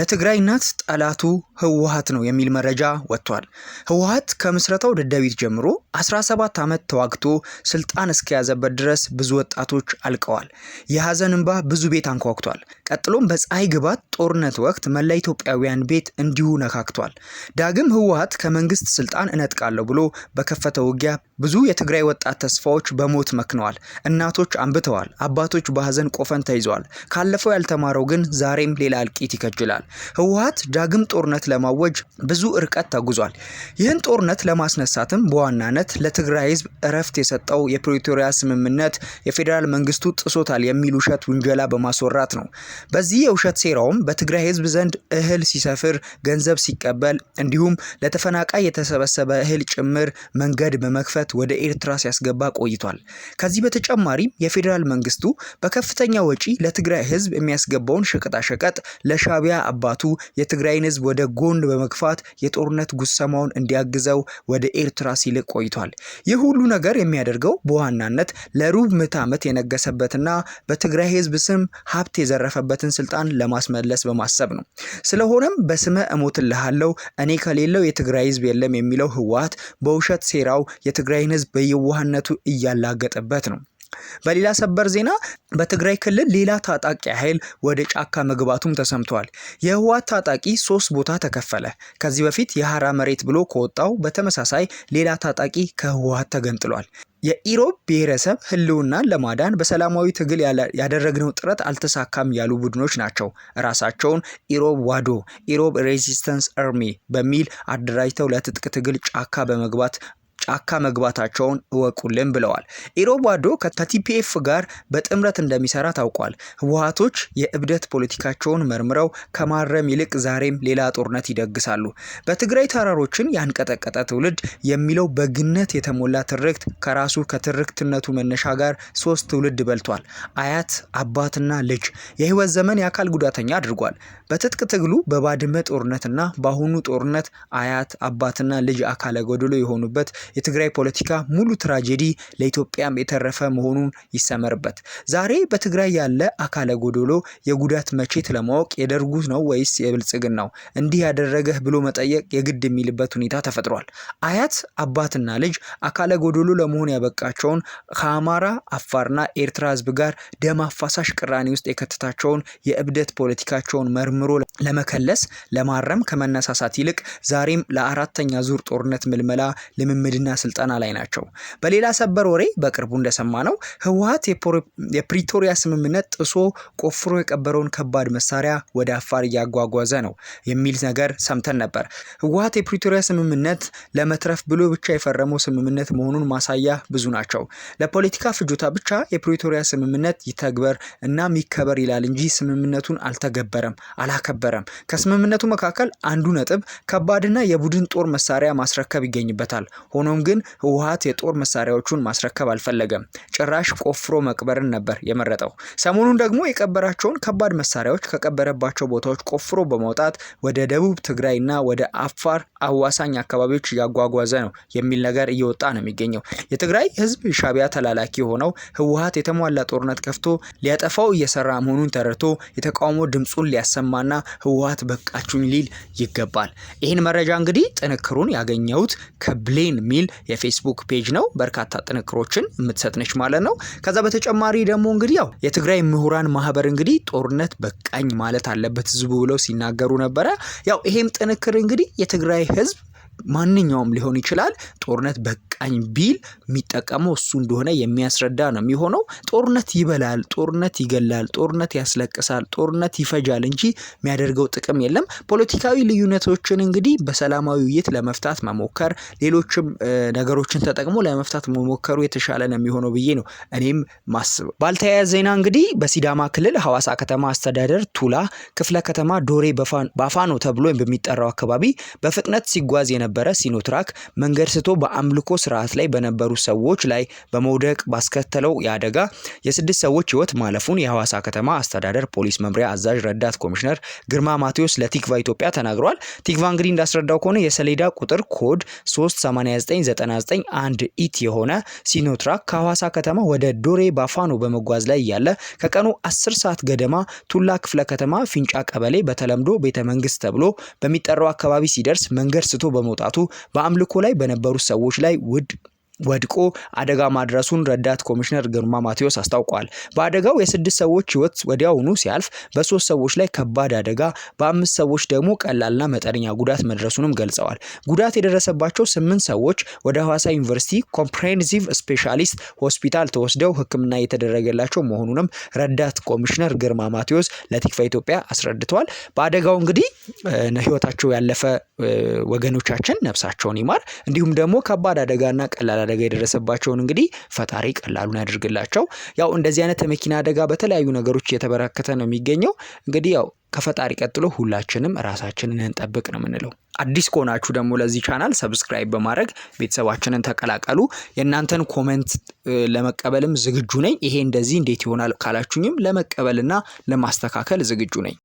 ለትግራይ እናት ጠላቱ ህወሀት ነው የሚል መረጃ ወጥቷል። ህወሀት ከምስረታው ደደቢት ጀምሮ 17 ዓመት ተዋግቶ ስልጣን እስከያዘበት ድረስ ብዙ ወጣቶች አልቀዋል። የሀዘን እንባ ብዙ ቤት አንኳኩቷል። ቀጥሎም በፀሐይ ግባት ጦርነት ወቅት መላ ኢትዮጵያውያን ቤት እንዲሁ ነካክቷል። ዳግም ህወሀት ከመንግስት ስልጣን እነጥቃለሁ ብሎ በከፈተው ውጊያ ብዙ የትግራይ ወጣት ተስፋዎች በሞት መክነዋል። እናቶች አንብተዋል፣ አባቶች በሀዘን ቆፈን ተይዘዋል። ካለፈው ያልተማረው ግን ዛሬም ሌላ እልቂት ይከጅላል። ህወሀት ዳግም ጦርነት ለማወጅ ብዙ ርቀት ተጉዟል። ይህን ጦርነት ለማስነሳትም በዋናነት ለትግራይ ህዝብ እረፍት የሰጠው የፕሪቶሪያ ስምምነት የፌዴራል መንግስቱ ጥሶታል የሚል ውሸት ውንጀላ በማስወራት ነው። በዚህ የውሸት ሴራውም በትግራይ ህዝብ ዘንድ እህል ሲሰፍር፣ ገንዘብ ሲቀበል እንዲሁም ለተፈናቃይ የተሰበሰበ እህል ጭምር መንገድ በመክፈት ወደ ኤርትራ ሲያስገባ ቆይቷል። ከዚህ በተጨማሪም የፌዴራል መንግስቱ በከፍተኛ ወጪ ለትግራይ ህዝብ የሚያስገባውን ሸቀጣሸቀጥ ለሻቢያ ። አባቱ የትግራይን ህዝብ ወደ ጎን በመግፋት የጦርነት ጉሰማውን እንዲያግዘው ወደ ኤርትራ ሲልቅ ቆይቷል። ይህ ሁሉ ነገር የሚያደርገው በዋናነት ለሩብ ምዕተ ዓመት የነገሰበትና በትግራይ ህዝብ ስም ሀብት የዘረፈበትን ስልጣን ለማስመለስ በማሰብ ነው። ስለሆነም በስመ እሞትልሃለሁ እኔ ከሌለው የትግራይ ህዝብ የለም የሚለው ህወሓት በውሸት ሴራው የትግራይን ህዝብ በየዋህነቱ እያላገጠበት ነው። በሌላ ሰበር ዜና በትግራይ ክልል ሌላ ታጣቂ ኃይል ወደ ጫካ መግባቱም ተሰምቷል። የህወሓት ታጣቂ ሶስት ቦታ ተከፈለ። ከዚህ በፊት የሐራ መሬት ብሎ ከወጣው በተመሳሳይ ሌላ ታጣቂ ከህወሓት ተገንጥሏል። የኢሮብ ብሔረሰብ ህልውናን ለማዳን በሰላማዊ ትግል ያደረግነው ጥረት አልተሳካም ያሉ ቡድኖች ናቸው ራሳቸውን ኢሮብ ዋዶ ኢሮብ ሬዚስተንስ አርሚ በሚል አደራጅተው ለትጥቅ ትግል ጫካ በመግባት ጫካ መግባታቸውን እወቁልን ብለዋል። ኢሮባዶ ከቲፒኤፍ ጋር በጥምረት እንደሚሰራ ታውቋል። ህወሀቶች የእብደት ፖለቲካቸውን መርምረው ከማረም ይልቅ ዛሬም ሌላ ጦርነት ይደግሳሉ። በትግራይ ተራሮችን ያንቀጠቀጠ ትውልድ የሚለው በግነት የተሞላ ትርክት ከራሱ ከትርክትነቱ መነሻ ጋር ሶስት ትውልድ በልቷል። አያት፣ አባትና ልጅ የህይወት ዘመን የአካል ጉዳተኛ አድርጓል። በትጥቅ ትግሉ በባድመ ጦርነትና በአሁኑ ጦርነት አያት፣ አባትና ልጅ አካለ ጎድሎ የሆኑበት የትግራይ ፖለቲካ ሙሉ ትራጀዲ ለኢትዮጵያም የተረፈ መሆኑን ይሰመርበት። ዛሬ በትግራይ ያለ አካለ ጎዶሎ የጉዳት መቼት ለማወቅ የደርጉ ነው ወይስ የብልጽግና ነው? እንዲህ ያደረገህ ብሎ መጠየቅ የግድ የሚልበት ሁኔታ ተፈጥሯል። አያት አባትና ልጅ አካለ ጎዶሎ ለመሆን ያበቃቸውን ከአማራ አፋርና ኤርትራ ህዝብ ጋር ደም አፋሳሽ ቅራኔ ውስጥ የከተታቸውን የእብደት ፖለቲካቸውን መርምሮ ለመከለስ ለማረም ከመነሳሳት ይልቅ ዛሬም ለአራተኛ ዙር ጦርነት ምልመላ ልምምድ ውትድርና ስልጠና ላይ ናቸው። በሌላ ሰበር ወሬ በቅርቡ እንደሰማ ነው ህወሀት የፕሪቶሪያ ስምምነት ጥሶ ቆፍሮ የቀበረውን ከባድ መሳሪያ ወደ አፋር እያጓጓዘ ነው የሚል ነገር ሰምተን ነበር። ህወሀት የፕሪቶሪያ ስምምነት ለመትረፍ ብሎ ብቻ የፈረመው ስምምነት መሆኑን ማሳያ ብዙ ናቸው። ለፖለቲካ ፍጆታ ብቻ የፕሪቶሪያ ስምምነት ይተግበር እና ሚከበር ይላል እንጂ ስምምነቱን አልተገበረም፣ አላከበረም። ከስምምነቱ መካከል አንዱ ነጥብ ከባድና የቡድን ጦር መሳሪያ ማስረከብ ይገኝበታል ሆኖ ሆኖም ግን ህወሀት የጦር መሳሪያዎቹን ማስረከብ አልፈለገም። ጭራሽ ቆፍሮ መቅበርን ነበር የመረጠው። ሰሞኑን ደግሞ የቀበራቸውን ከባድ መሳሪያዎች ከቀበረባቸው ቦታዎች ቆፍሮ በማውጣት ወደ ደቡብ ትግራይና ወደ አፋር አዋሳኝ አካባቢዎች እያጓጓዘ ነው የሚል ነገር እየወጣ ነው የሚገኘው። የትግራይ ህዝብ ሻቢያ ተላላኪ የሆነው ህወሀት የተሟላ ጦርነት ከፍቶ ሊያጠፋው እየሰራ መሆኑን ተረድቶ የተቃውሞ ድምፁን ሊያሰማና ህወሀት በቃችሁኝ ሊል ይገባል። ይህን መረጃ እንግዲህ ጥንክሩን ያገኘሁት ከብሌን የሚል የፌስቡክ ፔጅ ነው። በርካታ ጥንክሮችን የምትሰጥነች ማለት ነው። ከዛ በተጨማሪ ደግሞ እንግዲህ ያው የትግራይ ምሁራን ማህበር እንግዲህ ጦርነት በቃኝ ማለት አለበት ህዝቡ ብለው ሲናገሩ ነበረ። ያው ይሄም ጥንክር እንግዲህ የትግራይ ህዝብ ማንኛውም ሊሆን ይችላል ጦርነት በቃኝ ቢል የሚጠቀመው እሱ እንደሆነ የሚያስረዳ ነው የሚሆነው። ጦርነት ይበላል፣ ጦርነት ይገላል፣ ጦርነት ያስለቅሳል፣ ጦርነት ይፈጃል እንጂ የሚያደርገው ጥቅም የለም። ፖለቲካዊ ልዩነቶችን እንግዲህ በሰላማዊ ውይይት ለመፍታት መሞከር፣ ሌሎችም ነገሮችን ተጠቅሞ ለመፍታት መሞከሩ የተሻለ ነው የሚሆነው ብዬ ነው እኔም ማስበው። ባልተያያዘ ዜና እንግዲህ በሲዳማ ክልል ሐዋሳ ከተማ አስተዳደር ቱላ ክፍለ ከተማ ዶሬ ባፋኖ ተብሎ በሚጠራው አካባቢ በፍጥነት ሲጓዝ የነበ ነበረ። ሲኖትራክ መንገድ ስቶ በአምልኮ ስርዓት ላይ በነበሩ ሰዎች ላይ በመውደቅ ባስከተለው የአደጋ የስድስት ሰዎች ህይወት ማለፉን የሐዋሳ ከተማ አስተዳደር ፖሊስ መምሪያ አዛዥ ረዳት ኮሚሽነር ግርማ ማቴዎስ ለቲክቫ ኢትዮጵያ ተናግረዋል። ቲክቫ እንግዲህ እንዳስረዳው ከሆነ የሰሌዳ ቁጥር ኮድ 389991 ኢት የሆነ ሲኖትራክ ከሐዋሳ ከተማ ወደ ዶሬ ባፋኖ በመጓዝ ላይ እያለ ከቀኑ 10 ሰዓት ገደማ ቱላ ክፍለ ከተማ ፊንጫ ቀበሌ በተለምዶ ቤተ መንግስት ተብሎ በሚጠራው አካባቢ ሲደርስ መንገድ ስቶ በመውጣት መውጣቱ በአምልኮ ላይ በነበሩት ሰዎች ላይ ውድ ወድቆ አደጋ ማድረሱን ረዳት ኮሚሽነር ግርማ ማቴዎስ አስታውቀዋል። በአደጋው የስድስት ሰዎች ህይወት ወዲያውኑ ሲያልፍ በሶስት ሰዎች ላይ ከባድ አደጋ፣ በአምስት ሰዎች ደግሞ ቀላልና መጠነኛ ጉዳት መድረሱንም ገልጸዋል። ጉዳት የደረሰባቸው ስምንት ሰዎች ወደ ሐዋሳ ዩኒቨርሲቲ ኮምፕሬንሲቭ ስፔሻሊስት ሆስፒታል ተወስደው ሕክምና የተደረገላቸው መሆኑንም ረዳት ኮሚሽነር ግርማ ማቴዎስ ለቲክፋ ኢትዮጵያ አስረድተዋል። በአደጋው እንግዲህ ህይወታቸው ያለፈ ወገኖቻችን ነፍሳቸውን ይማር፣ እንዲሁም ደግሞ ከባድ አደጋና ቀላል አደጋ የደረሰባቸውን እንግዲህ ፈጣሪ ቀላሉን ያድርግላቸው። ያው እንደዚህ አይነት የመኪና አደጋ በተለያዩ ነገሮች እየተበራከተ ነው የሚገኘው። እንግዲህ ያው ከፈጣሪ ቀጥሎ ሁላችንም ራሳችንን እንጠብቅ ነው የምንለው። አዲስ ከሆናችሁ ደግሞ ለዚህ ቻናል ሰብስክራይብ በማድረግ ቤተሰባችንን ተቀላቀሉ። የእናንተን ኮመንት ለመቀበልም ዝግጁ ነኝ። ይሄ እንደዚህ እንዴት ይሆናል ካላችሁኝም ለመቀበልና ለማስተካከል ዝግጁ ነኝ።